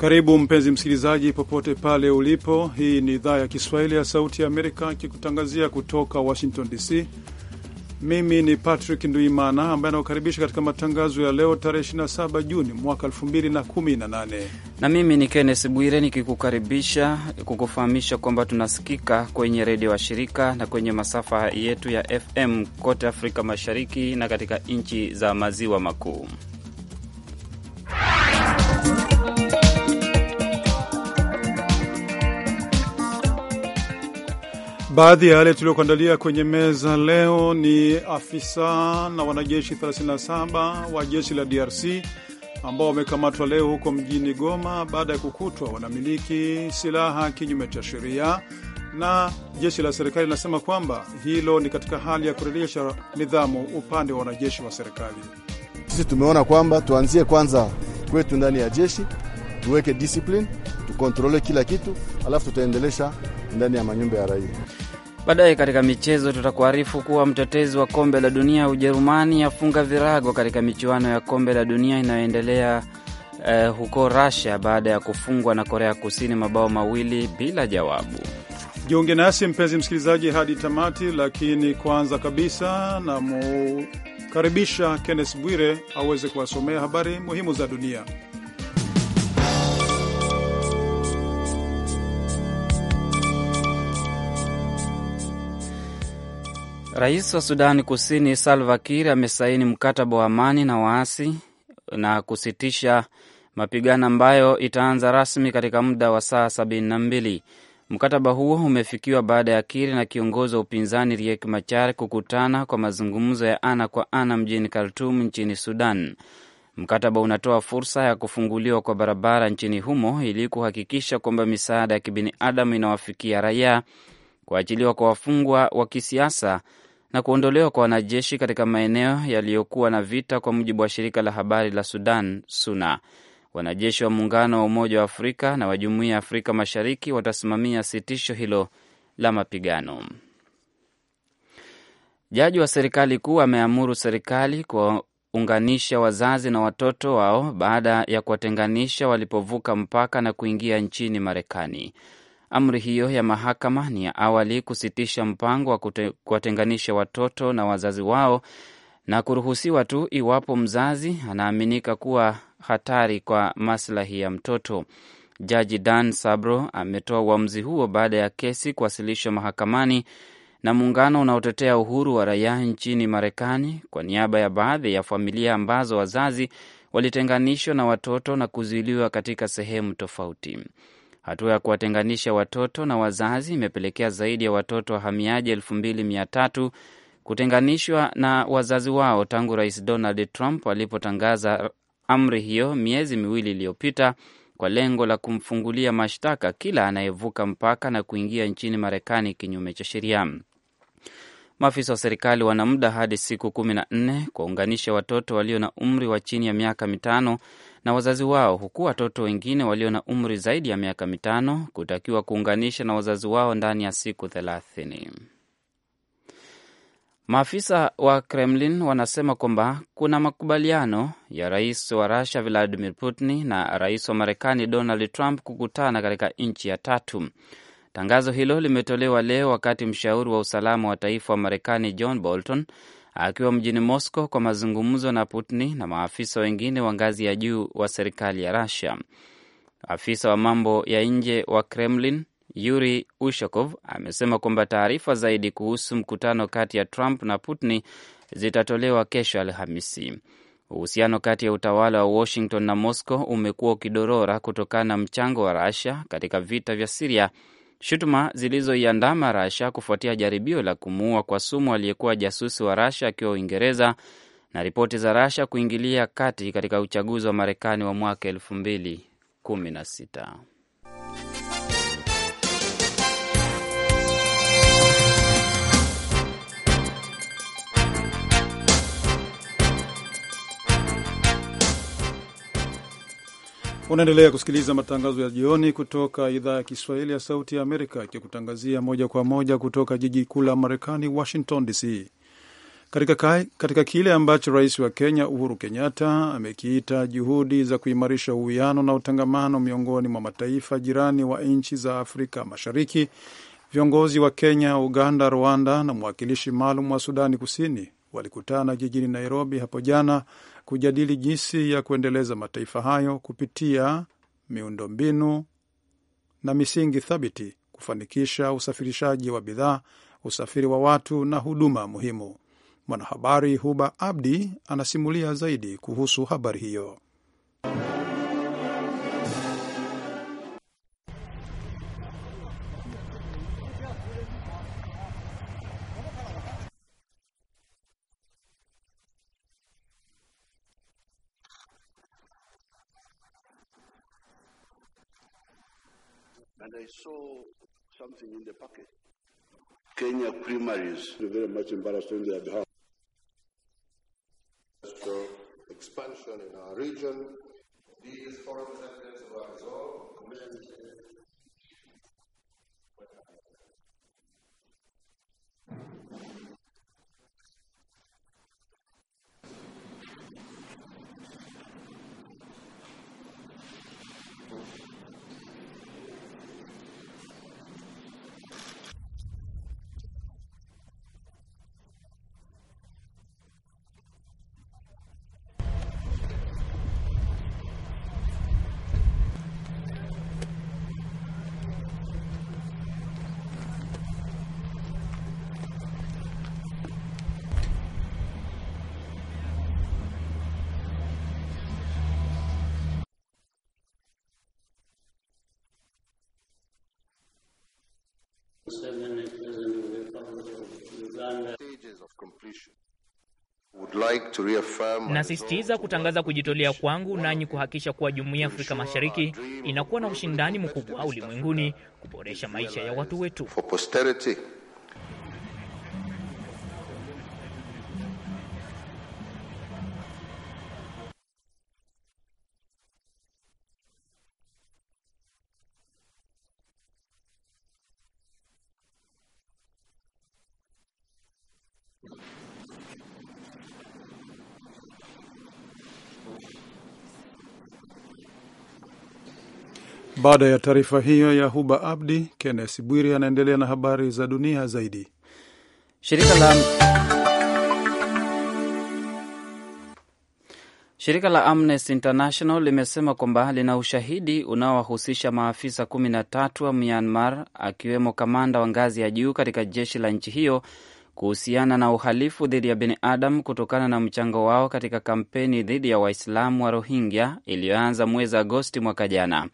Karibu mpenzi msikilizaji, popote pale ulipo. Hii ni idhaa ya Kiswahili ya Sauti ya Amerika ikikutangazia kutoka Washington DC. Mimi ni Patrick Nduimana ambaye anakukaribisha katika matangazo ya leo tarehe 27 Juni mwaka 2018, na mimi ni Kenneth Bwire nikikukaribisha kukufahamisha kwamba tunasikika kwenye redio wa shirika na kwenye masafa yetu ya FM kote Afrika Mashariki na katika nchi za Maziwa Makuu. Baadhi ya yale tuliyokuandalia kwenye meza leo ni afisa na wanajeshi 37 wa jeshi la DRC ambao wamekamatwa leo huko mjini Goma baada ya kukutwa wanamiliki silaha kinyume cha sheria, na jeshi la serikali linasema kwamba hilo ni katika hali ya kurejesha nidhamu upande wa wanajeshi wa serikali. Sisi tumeona kwamba tuanzie kwanza kwetu ndani ya jeshi, tuweke discipline, tukontrole kila kitu, alafu tutaendelesha ndani ya manyumba ya raia. Baadaye katika michezo tutakuarifu kuwa mtetezi wa kombe la dunia Ujerumani afunga virago katika michuano ya kombe la dunia inayoendelea eh, huko Russia baada ya kufungwa na Korea Kusini mabao mawili bila jawabu. Jiunge nasi mpenzi msikilizaji hadi tamati, lakini kwanza kabisa namukaribisha Kenneth Bwire aweze kuwasomea habari muhimu za dunia. Rais wa Sudani Kusini Salva Kiir amesaini mkataba wa amani na waasi na kusitisha mapigano ambayo itaanza rasmi katika muda wa saa sabini na mbili. Mkataba huo umefikiwa baada ya Kiir na kiongozi wa upinzani Riek Machar kukutana kwa mazungumzo ya ana kwa ana mjini khartum nchini Sudan. Mkataba unatoa fursa ya kufunguliwa kwa barabara nchini humo ili kuhakikisha kwamba misaada ya kibinadamu inawafikia raia, kuachiliwa kwa wafungwa wa kisiasa na kuondolewa kwa wanajeshi katika maeneo yaliyokuwa na vita, kwa mujibu wa shirika la habari la Sudan SUNA. Wanajeshi wa muungano wa Umoja wa Afrika na wa Jumuiya ya Afrika Mashariki watasimamia sitisho hilo la mapigano. Jaji wa serikali kuu ameamuru serikali kuwaunganisha wazazi na watoto wao baada ya kuwatenganisha walipovuka mpaka na kuingia nchini Marekani. Amri hiyo ya mahakama ni ya awali kusitisha mpango wa kuwatenganisha watoto na wazazi wao na kuruhusiwa tu iwapo mzazi anaaminika kuwa hatari kwa maslahi ya mtoto. Jaji Dan Sabro ametoa uamuzi huo baada ya kesi kuwasilishwa mahakamani na muungano unaotetea uhuru wa raia nchini Marekani kwa niaba ya baadhi ya familia ambazo wazazi walitenganishwa na watoto na kuzuiliwa katika sehemu tofauti. Hatua ya kuwatenganisha watoto na wazazi imepelekea zaidi ya watoto wahamiaji elfu mbili mia tatu kutenganishwa na wazazi wao tangu Rais Donald Trump alipotangaza amri hiyo miezi miwili iliyopita kwa lengo la kumfungulia mashtaka kila anayevuka mpaka na kuingia nchini Marekani kinyume cha sheria. Maafisa wa serikali wana muda hadi siku kumi na nne kuwaunganisha watoto walio na umri wa chini ya miaka mitano na wazazi wao, huku watoto wengine walio na umri zaidi ya miaka mitano kutakiwa kuunganisha na wazazi wao ndani ya siku thelathini. Maafisa wa Kremlin wanasema kwamba kuna makubaliano ya rais wa Rusia Vladimir Putin na rais wa Marekani Donald Trump kukutana katika nchi ya tatu. Tangazo hilo limetolewa leo wakati mshauri wa usalama wa taifa wa Marekani John Bolton akiwa mjini Moscow kwa mazungumzo na Putin na maafisa wengine wa ngazi ya juu wa serikali ya rasia Afisa wa mambo ya nje wa Kremlin Yuri Ushakov amesema kwamba taarifa zaidi kuhusu mkutano kati ya Trump na Putin zitatolewa kesho Alhamisi. Uhusiano kati ya utawala wa Washington na Moscow umekuwa ukidorora kutokana na mchango wa rusia katika vita vya Siria shutuma zilizoiandama Rasha kufuatia jaribio la kumuua kwa sumu aliyekuwa jasusi wa Rasha akiwa Uingereza na ripoti za Rasha kuingilia kati katika uchaguzi wa Marekani wa mwaka elfu mbili kumi na sita. Unaendelea kusikiliza matangazo ya jioni kutoka idhaa ya Kiswahili ya Sauti ya Amerika, ikikutangazia moja kwa moja kutoka jiji kuu la Marekani, Washington DC. Katika, katika kile ambacho rais wa Kenya Uhuru Kenyatta amekiita juhudi za kuimarisha uwiano na utangamano miongoni mwa mataifa jirani wa nchi za Afrika Mashariki, viongozi wa Kenya, Uganda, Rwanda na mwakilishi maalum wa Sudani Kusini walikutana jijini Nairobi hapo jana kujadili jinsi ya kuendeleza mataifa hayo kupitia miundombinu na misingi thabiti kufanikisha usafirishaji wa bidhaa, usafiri wa watu na huduma muhimu. Mwanahabari Huba Abdi anasimulia zaidi kuhusu habari hiyo. I saw something in the packet. Kenya primaries. We're very much embarrassed on their behalf. So expansion in our region. These foreign sectors were resolved, Nasisitiza kutangaza kujitolea kwangu nanyi kuhakikisha kuwa jumuiya ya Afrika Mashariki inakuwa na ushindani mkubwa ulimwenguni kuboresha maisha ya watu wetu. Baada ya taarifa hiyo ya Huba Abdi, Kennes Bwiri anaendelea na habari za dunia zaidi. Shirika la, shirika la Amnesty International limesema kwamba lina ushahidi unaowahusisha maafisa 13 wa Myanmar, akiwemo kamanda wa ngazi ya juu katika jeshi la nchi hiyo kuhusiana na uhalifu dhidi ya binadamu kutokana na mchango wao katika kampeni dhidi ya Waislamu wa Rohingya iliyoanza mwezi Agosti mwaka jana.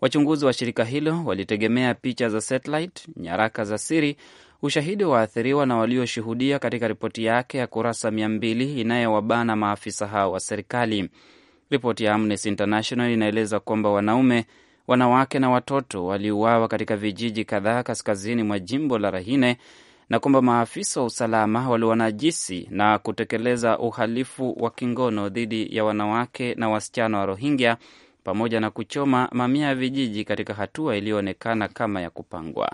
Wachunguzi wa shirika hilo walitegemea picha za satellite, nyaraka za siri, ushahidi wa waathiriwa na walioshuhudia katika ripoti yake ya kurasa mia mbili inayowabana maafisa hao wa serikali. Ripoti ya Amnesty International inaeleza kwamba wanaume, wanawake na watoto waliuawa katika vijiji kadhaa kaskazini mwa jimbo la Rahine na kwamba maafisa wa usalama waliwanajisi na kutekeleza uhalifu wa kingono dhidi ya wanawake na wasichana wa Rohingya pamoja na kuchoma mamia ya vijiji katika hatua iliyoonekana kama ya kupangwa.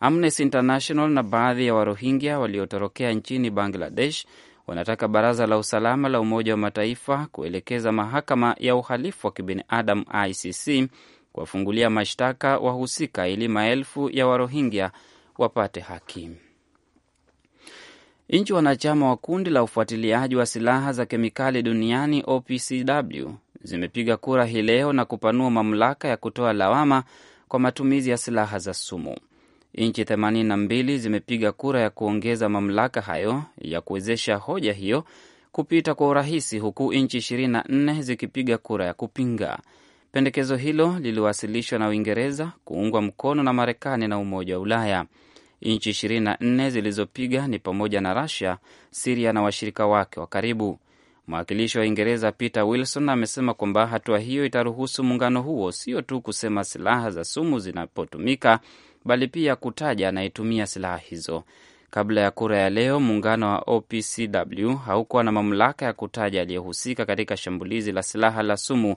Amnesty International na baadhi ya Warohingya waliotorokea nchini Bangladesh wanataka Baraza la Usalama la Umoja wa Mataifa kuelekeza mahakama ya uhalifu wa kibinadamu ICC kuwafungulia mashtaka wahusika ili maelfu ya Warohingya wapate haki. Nchi wanachama wa kundi la ufuatiliaji wa silaha za kemikali duniani OPCW zimepiga kura hii leo na kupanua mamlaka ya kutoa lawama kwa matumizi ya silaha za sumu. Nchi 82 zimepiga kura ya kuongeza mamlaka hayo ya kuwezesha hoja hiyo kupita kwa urahisi, huku nchi 24 zikipiga kura ya kupinga. Pendekezo hilo liliwasilishwa na Uingereza, kuungwa mkono na Marekani na Umoja wa Ulaya. Nchi 24 zilizopiga ni pamoja na Russia, Siria na washirika wake wa karibu. Mwakilishi wa Uingereza Peter Wilson amesema kwamba hatua hiyo itaruhusu muungano huo sio tu kusema silaha za sumu zinapotumika, bali pia kutaja anayetumia silaha hizo. Kabla ya kura ya leo, muungano wa OPCW haukuwa na mamlaka ya kutaja aliyehusika katika shambulizi la silaha la sumu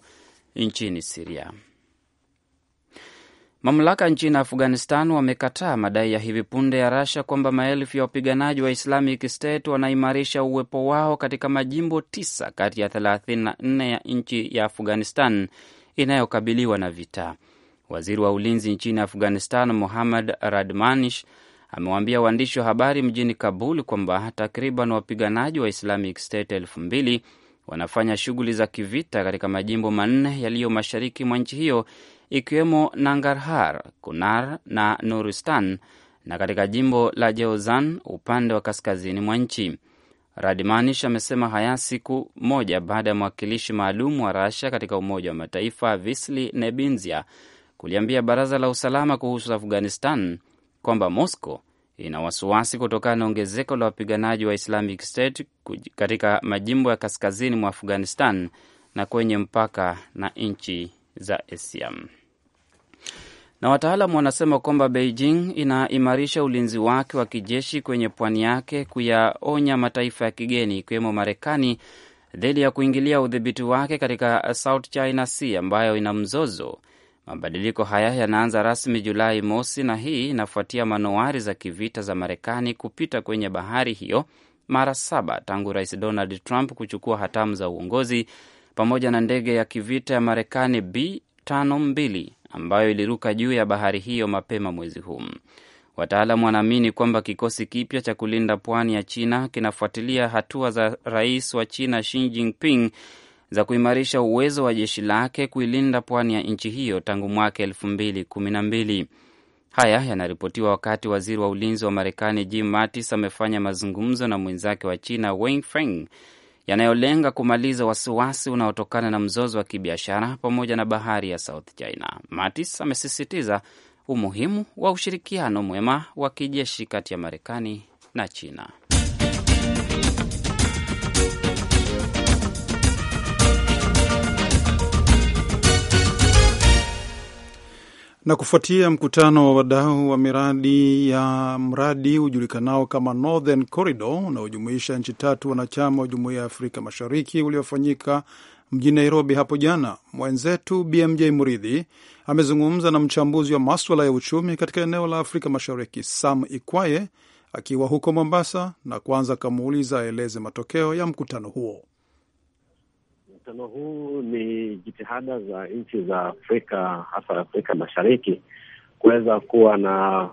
nchini Siria. Mamlaka nchini Afghanistan wamekataa madai ya hivi punde ya Rasha kwamba maelfu ya wapiganaji wa Islamic State wanaimarisha uwepo wao katika majimbo tisa kati ya 34 ya nchi ya Afghanistan inayokabiliwa na vita. Waziri wa ulinzi nchini Afghanistan, Muhammad Radmanish, amewaambia waandishi wa habari mjini Kabul kwamba takriban wapiganaji wa Islamic State elfu mbili wanafanya shughuli za kivita katika majimbo manne yaliyo mashariki mwa nchi hiyo ikiwemo Nangarhar, Kunar na Nuristan, na katika jimbo la Jeozan upande wa kaskazini mwa nchi. Radmanish amesema haya siku moja baada ya mwakilishi maalum wa Rasia katika Umoja wa Mataifa Visli Nebinzia kuliambia Baraza la Usalama kuhusu Afghanistan kwamba Moscow ina wasiwasi kutokana na ongezeko la wapiganaji wa Islamic State katika majimbo ya kaskazini mwa Afghanistan na kwenye mpaka na nchi za Asia. Na wataalam wanasema kwamba Beijing inaimarisha ulinzi wake wa kijeshi kwenye pwani yake, kuyaonya mataifa ya kigeni ikiwemo Marekani dhidi ya kuingilia udhibiti wake katika South China Sea ambayo ina mzozo. Mabadiliko haya yanaanza rasmi Julai mosi, na hii inafuatia manowari za kivita za Marekani kupita kwenye bahari hiyo mara saba tangu Rais Donald Trump kuchukua hatamu za uongozi pamoja na ndege ya kivita ya Marekani B52 ambayo iliruka juu ya bahari hiyo mapema mwezi huu. Wataalamu wanaamini kwamba kikosi kipya cha kulinda pwani ya China kinafuatilia hatua za rais wa China Xi Jinping za kuimarisha uwezo wa jeshi lake kuilinda pwani ya nchi hiyo tangu mwaka elfu mbili kumi na mbili. Haya yanaripotiwa wakati waziri wa ulinzi wa Marekani Jim Mattis amefanya mazungumzo na mwenzake wa China Wang Feng yanayolenga kumaliza wasiwasi unaotokana na mzozo wa kibiashara pamoja na bahari ya South China. Mattis amesisitiza umuhimu wa ushirikiano mwema wa kijeshi kati ya Marekani na China. Na kufuatia mkutano wa wadau wa miradi ya mradi ujulikanao kama Northern Corridor unaojumuisha nchi tatu wanachama wa Jumuiya ya Afrika Mashariki uliofanyika mjini Nairobi hapo jana, mwenzetu BMJ Muridhi amezungumza na mchambuzi wa maswala ya uchumi katika eneo la Afrika Mashariki Sam Ikwaye akiwa huko Mombasa, na kwanza akamuuliza aeleze matokeo ya mkutano huo. Mkutano huu ni jitihada za nchi za Afrika, hasa Afrika Mashariki, kuweza kuwa na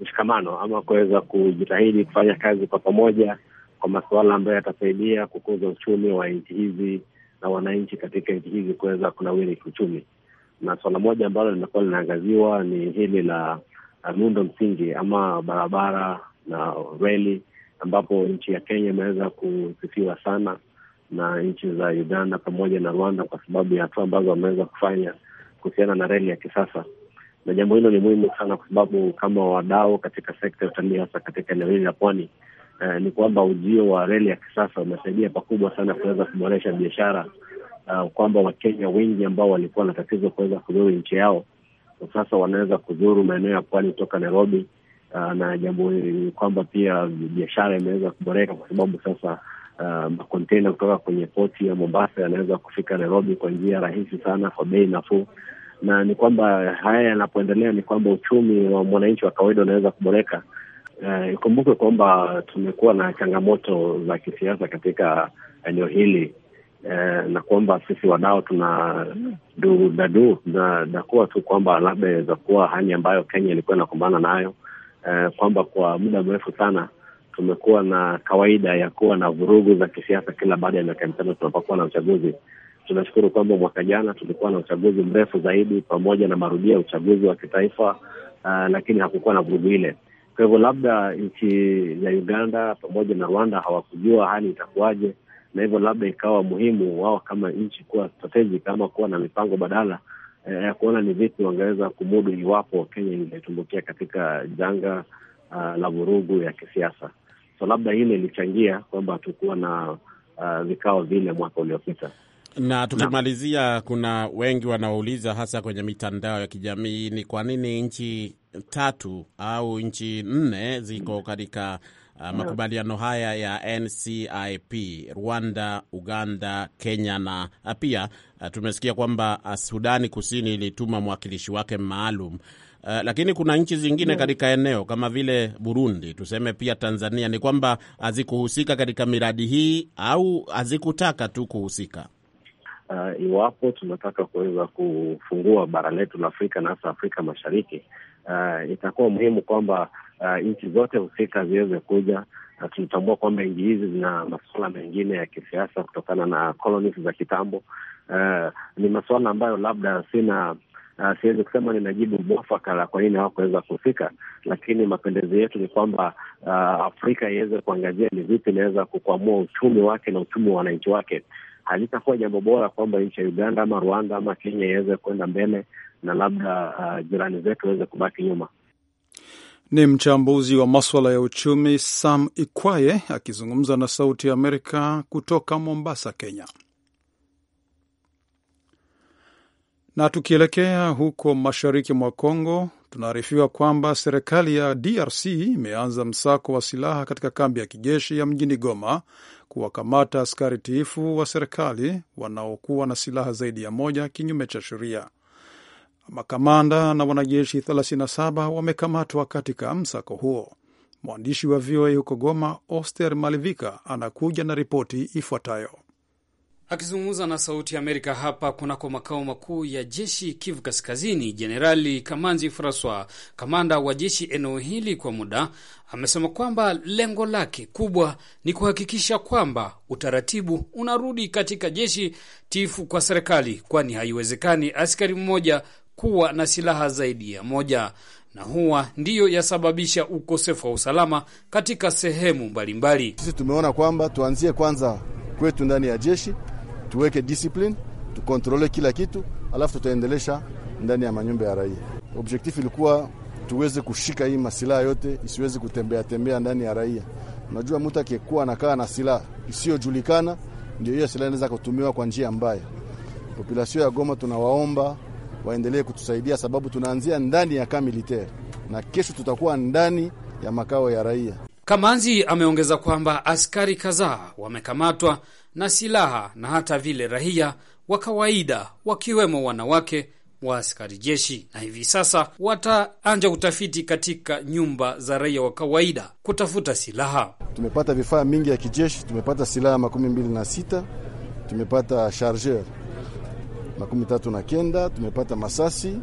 mshikamano ama kuweza kujitahidi kufanya kazi kwa pamoja kwa masuala ambayo yatasaidia kukuza uchumi wa nchi hizi na wananchi katika nchi hizi kuweza kunawiri kiuchumi. Na suala moja ambalo linakuwa linaangaziwa ni hili la miundo msingi ama barabara na reli, ambapo nchi ya Kenya imeweza kusifiwa sana na nchi za Uganda pamoja na Rwanda kwa sababu ya hatua ambazo wameweza kufanya kuhusiana na reli ya kisasa. Na jambo hilo ni muhimu sana kwa sababu kama wadau katika sekta ya utalii, hasa katika eneo hili la pwani, eh, ni kwamba ujio wa reli ya kisasa umesaidia pakubwa sana kuweza kuboresha biashara uh, kwamba Wakenya wengi ambao walikuwa na tatizo kuweza kuzuru nchi yao sasa wanaweza kuzuru maeneo ya pwani kutoka Nairobi. Uh, na jambo kwamba pia biashara imeweza kuboreka kwa sababu sasa Uh, makontena um, kutoka kwenye poti ya Mombasa yanaweza kufika Nairobi kwa njia rahisi sana kwa bei nafuu, na ni kwamba haya yanapoendelea ni kwamba uchumi wa mwananchi wa kawaida unaweza kuboreka. Ikumbukwe uh, kwamba tumekuwa na changamoto za kisiasa katika eneo hili uh, na kwamba sisi wadau tuna du dadu dakua tu kwamba labda inaweza kuwa hali ambayo Kenya ilikuwa inakumbana nayo uh, kwamba kwa muda mrefu sana tumekuwa na kawaida ya kuwa na vurugu za kisiasa kila baada ya miaka mitano tunapokuwa na uchaguzi. Tunashukuru kwamba mwaka jana tulikuwa na uchaguzi mrefu zaidi pamoja na marudia ya uchaguzi wa kitaifa uh, lakini hakukuwa na vurugu ile. Kwa hivyo labda nchi ya Uganda pamoja na Rwanda hawakujua hali itakuwaje, na hivyo labda ikawa muhimu wao kama nchi kuwa strategic ama kuwa na mipango badala eh, ya eh, kuona ni vipi wangeweza kumudu iwapo Kenya ingetumbukia katika janga uh, la vurugu ya kisiasa. So labda hili ilichangia kwamba tukuwa na uh, vikao vile mwaka uliopita. Na tukimalizia na, kuna wengi wanaouliza hasa kwenye mitandao ya kijamii ni kwa nini nchi tatu au nchi nne ziko mm. katika uh, makubaliano haya ya NCIP: Rwanda, Uganda, Kenya na uh, pia uh, tumesikia kwamba uh, Sudani Kusini ilituma mwakilishi wake maalum. Uh, lakini kuna nchi zingine yeah, katika eneo kama vile Burundi, tuseme pia Tanzania, ni kwamba hazikuhusika katika miradi hii au hazikutaka tu kuhusika. Uh, iwapo tunataka kuweza kufungua bara letu la Afrika na hasa Afrika Mashariki, uh, itakuwa muhimu kwamba uh, nchi zote husika ziweze kuja na tunatambua kwamba nchi hizi zina masuala mengine ya kisiasa kutokana na colonies za kitambo. Uh, ni masuala ambayo labda sina Uh, siwezi kusema nina jibu mwafaka la kwa nini hawakuweza kufika, lakini mapendezo yetu ni kwamba uh, Afrika iweze kuangazia ni vipi inaweza kukwamua uchumi wake na uchumi wa wananchi wake. Halitakuwa jambo bora kwamba nchi ya Uganda ama Rwanda ama Kenya iweze kwenda mbele na labda uh, jirani zetu waweze kubaki nyuma. Ni mchambuzi wa maswala ya uchumi Sam Ikwaye akizungumza na Sauti ya Amerika kutoka Mombasa, Kenya. Na tukielekea huko mashariki mwa congo tunaarifiwa kwamba serikali ya DRC imeanza msako wa silaha katika kambi ya kijeshi ya mjini Goma kuwakamata askari tiifu wa serikali wanaokuwa na silaha zaidi ya moja kinyume cha sheria. Makamanda na wanajeshi 37 wamekamatwa katika msako huo. Mwandishi wa VOA huko Goma, Oster Malivika, anakuja na ripoti ifuatayo. Akizungumza na Sauti ya Amerika hapa kunako makao makuu ya jeshi Kivu Kaskazini, Jenerali Kamanzi Francois, kamanda wa jeshi eneo hili kwa muda, amesema kwamba lengo lake kubwa ni kuhakikisha kwamba utaratibu unarudi katika jeshi tifu kwa serikali, kwani haiwezekani askari mmoja kuwa na silaha zaidi ya moja, na huwa ndiyo yasababisha ukosefu wa usalama katika sehemu mbalimbali. Sisi tumeona kwamba tuanzie kwanza kwetu ndani ya jeshi tuweke discipline, tukontrole kila kitu, alafu tutaendelesha ndani ya manyumba ya raia. Objektifu ilikuwa tuweze kushika hii masilaha yote isiwezi kutembea tembea ndani ya raia. Unajua, mtu akikuwa anakaa na silaha isiyojulikana, ndio hiyo silaha inaweza kutumiwa kwa njia mbaya. Populasio ya Goma tunawaomba waendelee kutusaidia, sababu tunaanzia ndani ya kambi militeri na kesho tutakuwa ndani ya makao ya raia. Kamanzi ameongeza kwamba askari kadhaa wamekamatwa na silaha na hata vile raia wa kawaida wakiwemo wanawake wa askari jeshi, na hivi sasa wataanja utafiti katika nyumba za raia wa kawaida kutafuta silaha. Tumepata vifaa mingi ya kijeshi, tumepata silaha makumi mbili na sita, tumepata chargeur makumi tatu na kenda, tumepata masasi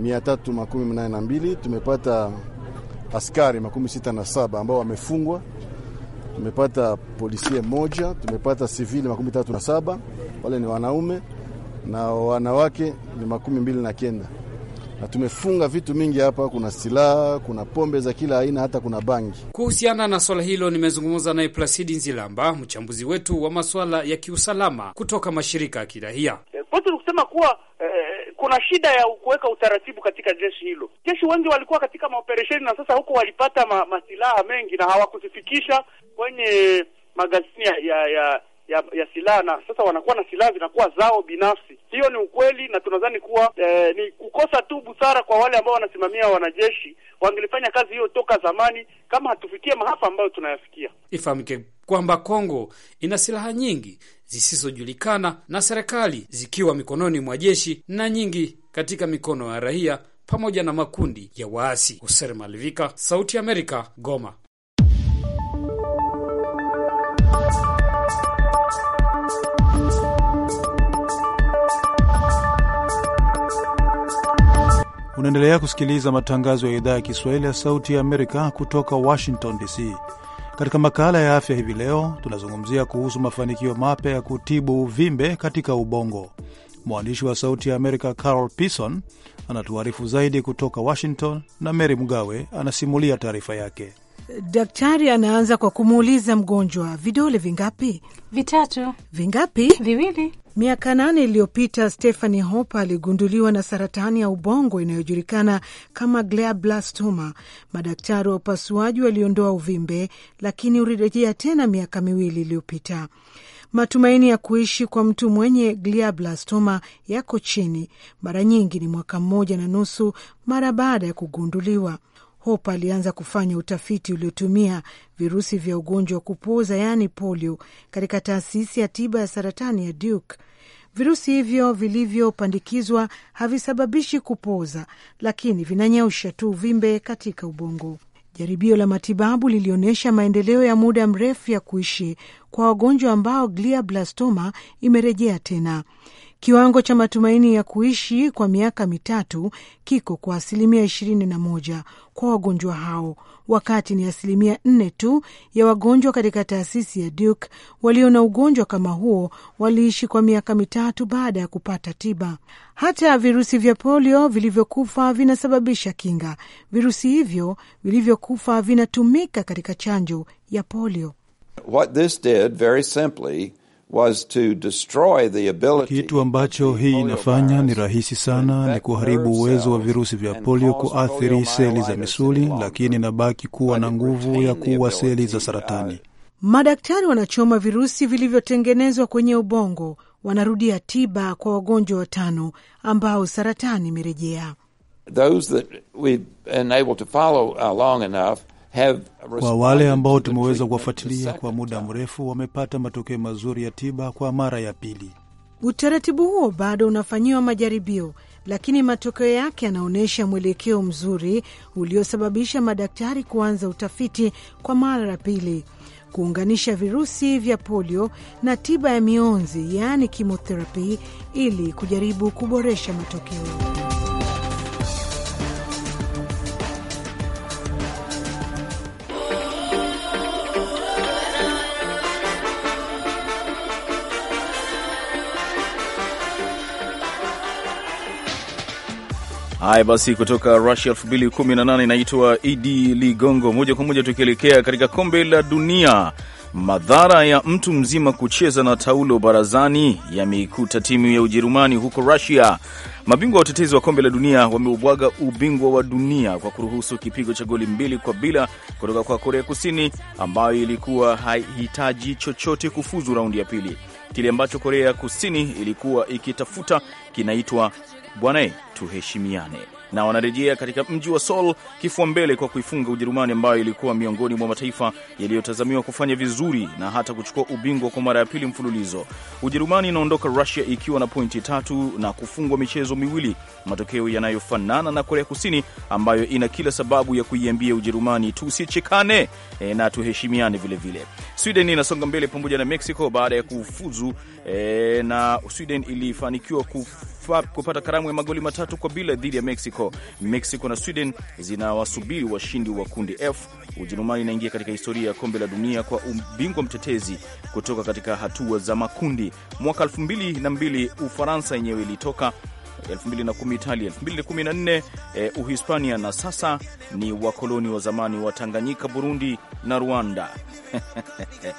mia tatu makumi nane na mbili, tumepata askari makumi sita na saba ambao wamefungwa. Tumepata polisie moja, tumepata sivili makumi tatu na saba wale ni wanaume na wanawake ni makumi mbili na kenda na tumefunga vitu mingi hapa. Kuna silaha, kuna pombe za kila aina, hata kuna bangi. Kuhusiana na swala hilo, nimezungumza naye Plasidi Nzilamba, mchambuzi wetu wa maswala ya kiusalama kutoka mashirika ya kirahia. Eh, kwanza ni kusema kuwa eh, kuna shida ya kuweka utaratibu katika jeshi hilo. Jeshi wengi walikuwa katika maoperesheni na sasa huko walipata ma, masilaha mengi na hawakuzifikisha kwenye magazini ya, ya, ya ya, ya silaha na sasa wanakuwa na silaha zinakuwa zao binafsi. Hiyo ni ukweli, na tunadhani kuwa eh, ni kukosa tu busara kwa wale ambao wanasimamia wanajeshi. Wangelifanya kazi hiyo toka zamani, kama hatufikie mahafa ambayo tunayafikia. Ifahamike kwamba Kongo ina silaha nyingi zisizojulikana na serikali zikiwa mikononi mwa jeshi na nyingi katika mikono ya raia pamoja na makundi ya waasi. Hoser Malivika, Sauti Amerika, Goma. Unaendelea kusikiliza matangazo ya idhaa ya Kiswahili ya Sauti ya Amerika kutoka Washington DC. Katika makala ya afya hivi leo tunazungumzia kuhusu mafanikio mapya ya kutibu uvimbe katika ubongo. Mwandishi wa Sauti ya Amerika Carol pison anatuarifu zaidi kutoka Washington na Mary Mgawe anasimulia taarifa yake. Daktari anaanza kwa kumuuliza mgonjwa, vidole vingapi? Vitatu. Vingapi? Viwili. Miaka nane iliyopita Stephanie Hope aligunduliwa na saratani ya ubongo inayojulikana kama glioblastoma. Madaktari wa upasuaji waliondoa uvimbe, lakini ulirejea tena miaka miwili iliyopita. Matumaini ya kuishi kwa mtu mwenye glioblastoma yako chini, mara nyingi ni mwaka mmoja na nusu mara baada ya kugunduliwa. Hope alianza kufanya utafiti uliotumia virusi vya ugonjwa wa kupooza yaani polio katika taasisi ya tiba ya saratani ya Duke. Virusi hivyo vilivyopandikizwa havisababishi kupooza, lakini vinanyausha tu uvimbe katika ubongo. Jaribio la matibabu lilionyesha maendeleo ya muda mrefu ya kuishi kwa wagonjwa ambao glioblastoma imerejea tena. Kiwango cha matumaini ya kuishi kwa miaka mitatu kiko kwa asilimia ishirini na moja kwa wagonjwa hao, wakati ni asilimia nne tu ya wagonjwa katika taasisi ya Duke walio na ugonjwa kama huo waliishi kwa miaka mitatu baada ya kupata tiba. Hata virusi vya polio vilivyokufa vinasababisha kinga. Virusi hivyo vilivyokufa vinatumika katika chanjo ya polio. What this did very simply kitu ambacho hii inafanya ni rahisi sana ni kuharibu uwezo wa virusi vya polio kuathiri seli za misuli, lakini inabaki kuwa na nguvu ya kuua seli za saratani. Madaktari wanachoma virusi vilivyotengenezwa kwenye ubongo, wanarudia tiba kwa wagonjwa watano ambao saratani imerejea. Uh, kwa wale ambao tumeweza kuwafuatilia kwa muda mrefu, wamepata matokeo mazuri ya tiba kwa mara ya pili. Utaratibu huo bado unafanyiwa majaribio, lakini matokeo yake yanaonyesha mwelekeo mzuri uliosababisha madaktari kuanza utafiti kwa mara ya pili kuunganisha virusi vya polio na tiba ya mionzi, yaani kimotherapi, ili kujaribu kuboresha matokeo. Haya basi, kutoka rusia 2018 inaitwa Idi Ligongo. Moja kwa moja tukielekea katika kombe la dunia, madhara ya mtu mzima kucheza na taulo barazani yameikuta timu ya Ujerumani huko rasia Mabingwa watetezi wa kombe la dunia wameubwaga ubingwa wa dunia kwa kuruhusu kipigo cha goli mbili kwa bila kutoka kwa Korea Kusini, ambayo ilikuwa haihitaji chochote kufuzu raundi ya pili. Kile ambacho Korea Kusini ilikuwa ikitafuta kinaitwa bwana e, tuheshimiane na wanarejea katika mji wa Seoul kifua mbele kwa kuifunga Ujerumani ambayo ilikuwa miongoni mwa mataifa yaliyotazamiwa kufanya vizuri na hata kuchukua ubingwa kwa mara ya pili mfululizo. Ujerumani inaondoka Russia ikiwa na pointi tatu na kufungwa michezo miwili, matokeo yanayofanana na Korea Kusini ambayo ina kila sababu ya kuiambia Ujerumani tusichekane e, na tuheshimiane vilevile. Sweden inasonga mbele pamoja na Mexico baada ya kufuzu e, na Sweden ilifanikiwa kufu kupata karamu ya magoli matatu kwa bila dhidi ya Mexico. Mexico na Sweden zinawasubiri washindi wa kundi F. Ujerumani inaingia katika historia ya kombe la dunia kwa ubingwa mtetezi kutoka katika hatua za makundi. Mwaka 2002 Ufaransa yenyewe ilitoka 2010 Italia, 2014 eh, Uhispania na sasa ni wakoloni wa zamani wa Tanganyika, Burundi na Rwanda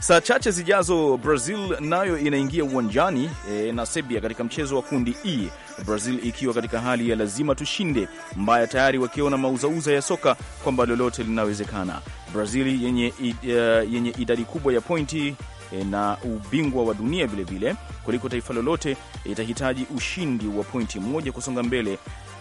Saa chache zijazo Brazil nayo inaingia uwanjani e, na Serbia katika mchezo wa kundi E, Brazil ikiwa katika hali ya lazima tushinde mbaya, tayari wakiona mauzauza ya soka kwamba lolote linawezekana. Brazil yenye, uh, yenye idadi kubwa ya pointi e, na ubingwa wa dunia vilevile kuliko taifa lolote, itahitaji ushindi wa pointi moja kusonga mbele.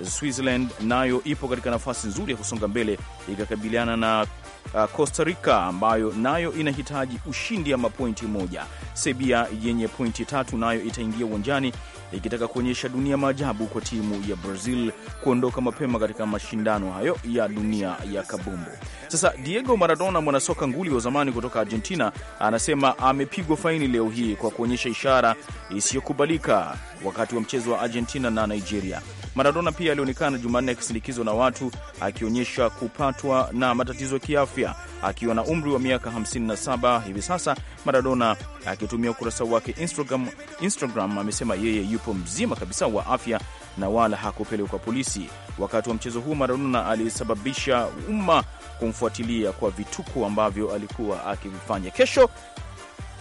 Switzerland nayo ipo katika nafasi nzuri ya kusonga mbele ikakabiliana na uh, Costa Rica ambayo nayo inahitaji ushindi ama pointi moja. Serbia yenye pointi tatu nayo itaingia uwanjani ikitaka kuonyesha dunia maajabu kwa timu ya Brazil kuondoka mapema katika mashindano hayo ya dunia ya kabumbu. Sasa Diego Maradona, mwanasoka nguli wa zamani kutoka Argentina, anasema amepigwa faini leo hii kwa kuonyesha ishara isiyokubalika wakati wa mchezo wa Argentina na Nigeria. Maradona pia alionekana Jumanne akisindikizwa na watu akionyesha kupatwa na matatizo ya kiafya. Akiwa na umri wa miaka 57 hivi sasa, Maradona akitumia ukurasa wake Instagram, Instagram amesema yeye yupo mzima kabisa wa afya na wala hakupelekwa polisi. Wakati wa mchezo huu, Maradona alisababisha umma kumfuatilia kwa vituko ambavyo alikuwa akivifanya. Kesho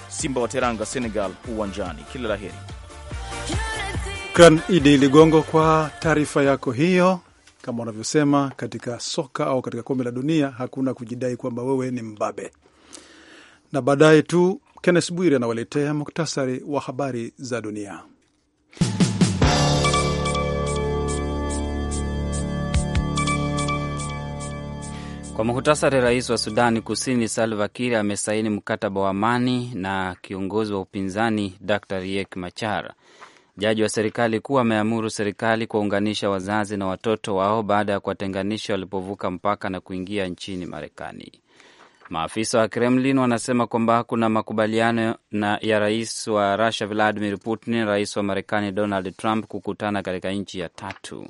Simba wa Teranga Senegal uwanjani. Kila la heri. Shukran Idi Ligongo kwa taarifa yako hiyo. Kama wanavyosema katika soka au katika kombe la dunia, hakuna kujidai kwamba wewe ni mbabe. Na baadaye tu Kennes Bwire anawaletea muktasari wa habari za dunia. Kwa muhtasari, rais wa Sudani Kusini Salva Kiir amesaini mkataba wa amani na kiongozi wa upinzani Dr Riek Machar. Jaji wa serikali kuu ameamuru serikali kuwaunganisha wazazi na watoto wao baada ya kuwatenganisha walipovuka mpaka na kuingia nchini Marekani. Maafisa wa Kremlin wanasema kwamba kuna makubaliano na ya rais wa Rusia Vladimir Putin, rais wa Marekani Donald Trump kukutana katika nchi ya tatu.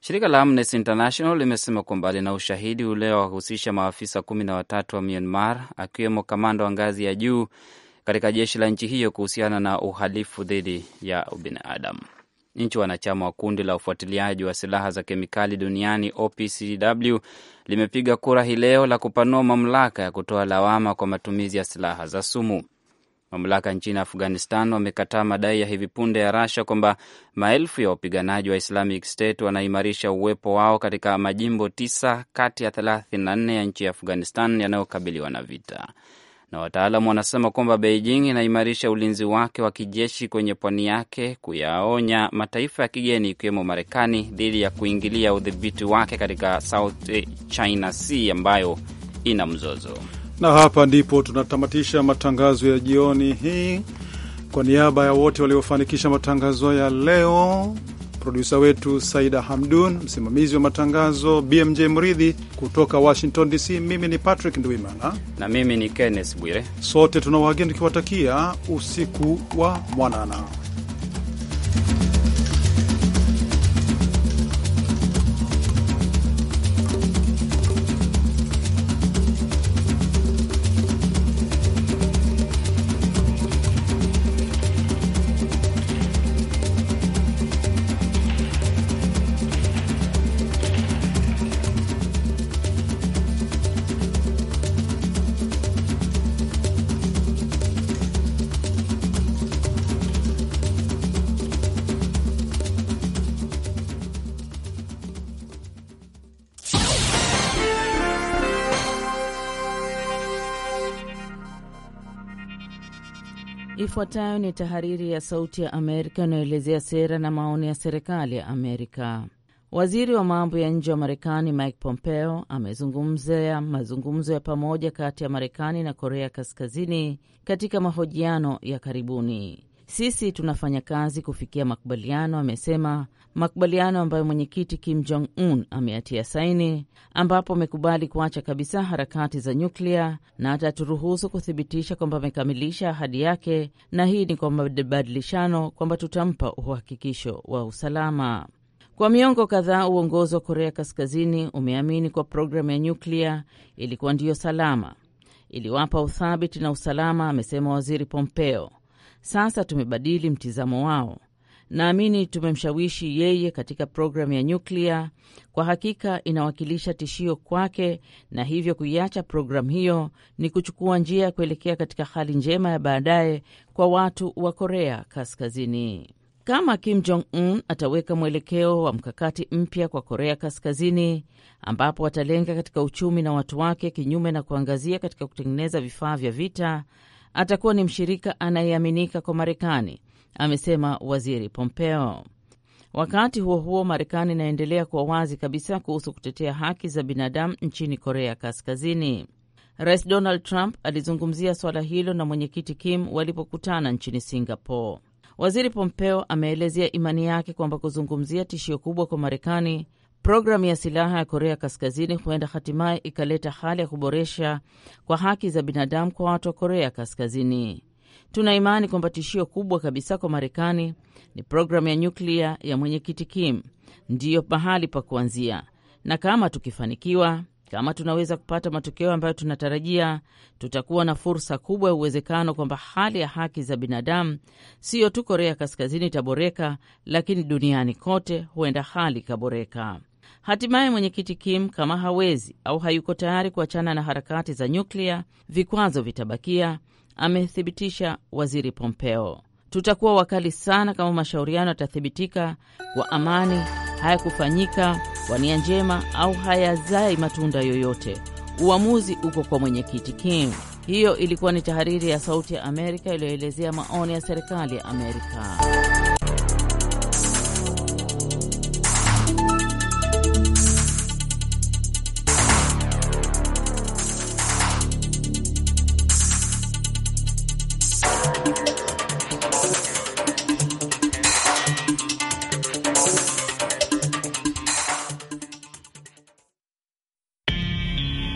Shirika la Amnesty International limesema kwamba lina ushahidi uliowahusisha wahusisha maafisa kumi na watatu wa Myanmar, akiwemo kamanda wa ngazi ya juu katika jeshi la nchi hiyo kuhusiana na uhalifu dhidi ya ubinadamu. Nchi wanachama wa kundi la ufuatiliaji wa silaha za kemikali duniani OPCW limepiga kura hii leo la kupanua mamlaka ya kutoa lawama kwa matumizi ya silaha za sumu. Mamlaka nchini Afghanistan wamekataa madai ya hivi punde ya Rasha kwamba maelfu ya wapiganaji wa Islamic State wanaimarisha uwepo wao katika majimbo tisa kati ya 34 ya nchi ya Afghanistan yanayokabiliwa na vita na wataalamu wanasema kwamba Beijing inaimarisha ulinzi wake wa kijeshi kwenye pwani yake, kuyaonya mataifa ya kigeni ikiwemo Marekani dhidi ya kuingilia udhibiti wake katika South China Sea ambayo ina mzozo. Na hapa ndipo tunatamatisha matangazo ya jioni hii. Kwa niaba ya wote waliofanikisha matangazo ya leo Produsa wetu Saida Hamdun, msimamizi wa matangazo BMJ Mridhi kutoka Washington DC. Mimi ni Patrick Ndwimana na mimi ni Kenneth Bwire, sote tuna wageni tukiwatakia usiku wa mwanana. Ifuatayo ni tahariri ya Sauti ya Amerika inayoelezea sera na maoni ya serikali ya Amerika. Waziri wa mambo ya nje wa Marekani Mike Pompeo amezungumzia mazungumzo ya pamoja kati ya Marekani na Korea Kaskazini katika mahojiano ya karibuni. Sisi tunafanya kazi kufikia makubaliano, amesema, makubaliano ambayo mwenyekiti Kim Jong Un ameatia saini, ambapo amekubali kuacha kabisa harakati za nyuklia na ataturuhusu kuthibitisha kwamba amekamilisha ahadi yake, na hii ni kwa mabadilishano kwamba tutampa uhakikisho wa usalama. Kwa miongo kadhaa uongozi wa Korea Kaskazini umeamini kwa programu ya nyuklia ilikuwa ndiyo salama, iliwapa uthabiti na usalama, amesema Waziri Pompeo. Sasa tumebadili mtizamo wao Naamini tumemshawishi yeye katika programu ya nyuklia. Kwa hakika inawakilisha tishio kwake, na hivyo kuiacha programu hiyo ni kuchukua njia ya kuelekea katika hali njema ya baadaye kwa watu wa Korea Kaskazini. Kama Kim Jong Un ataweka mwelekeo wa mkakati mpya kwa Korea Kaskazini, ambapo atalenga katika uchumi na watu wake, kinyume na kuangazia katika kutengeneza vifaa vya vita, atakuwa ni mshirika anayeaminika kwa Marekani amesema waziri Pompeo. Wakati huo huo, Marekani inaendelea kuwa wazi kabisa kuhusu kutetea haki za binadamu nchini Korea Kaskazini. Rais Donald Trump alizungumzia suala hilo na mwenyekiti Kim walipokutana nchini Singapore. Waziri Pompeo ameelezea imani yake kwamba kuzungumzia tishio kubwa kwa Marekani, programu ya silaha ya Korea Kaskazini, huenda hatimaye ikaleta hali ya kuboresha kwa haki za binadamu kwa watu wa Korea Kaskazini. Tuna imani kwamba tishio kubwa kabisa kwa Marekani ni programu ya nyuklia ya mwenyekiti Kim. Ndiyo mahali pa kuanzia, na kama tukifanikiwa, kama tunaweza kupata matokeo ambayo tunatarajia, tutakuwa na fursa kubwa ya uwezekano kwamba hali ya haki za binadamu siyo tu Korea Kaskazini itaboreka, lakini duniani kote huenda hali ikaboreka. Hatimaye mwenyekiti Kim kama hawezi au hayuko tayari kuachana na harakati za nyuklia, vikwazo vitabakia amethibitisha waziri Pompeo. Tutakuwa wakali sana kama mashauriano yatathibitika kwa amani hayakufanyika kwa nia njema au hayazai matunda yoyote. Uamuzi uko kwa mwenyekiti Kim. Hiyo ilikuwa ni tahariri ya Sauti ya Amerika iliyoelezea maoni ya serikali ya Amerika.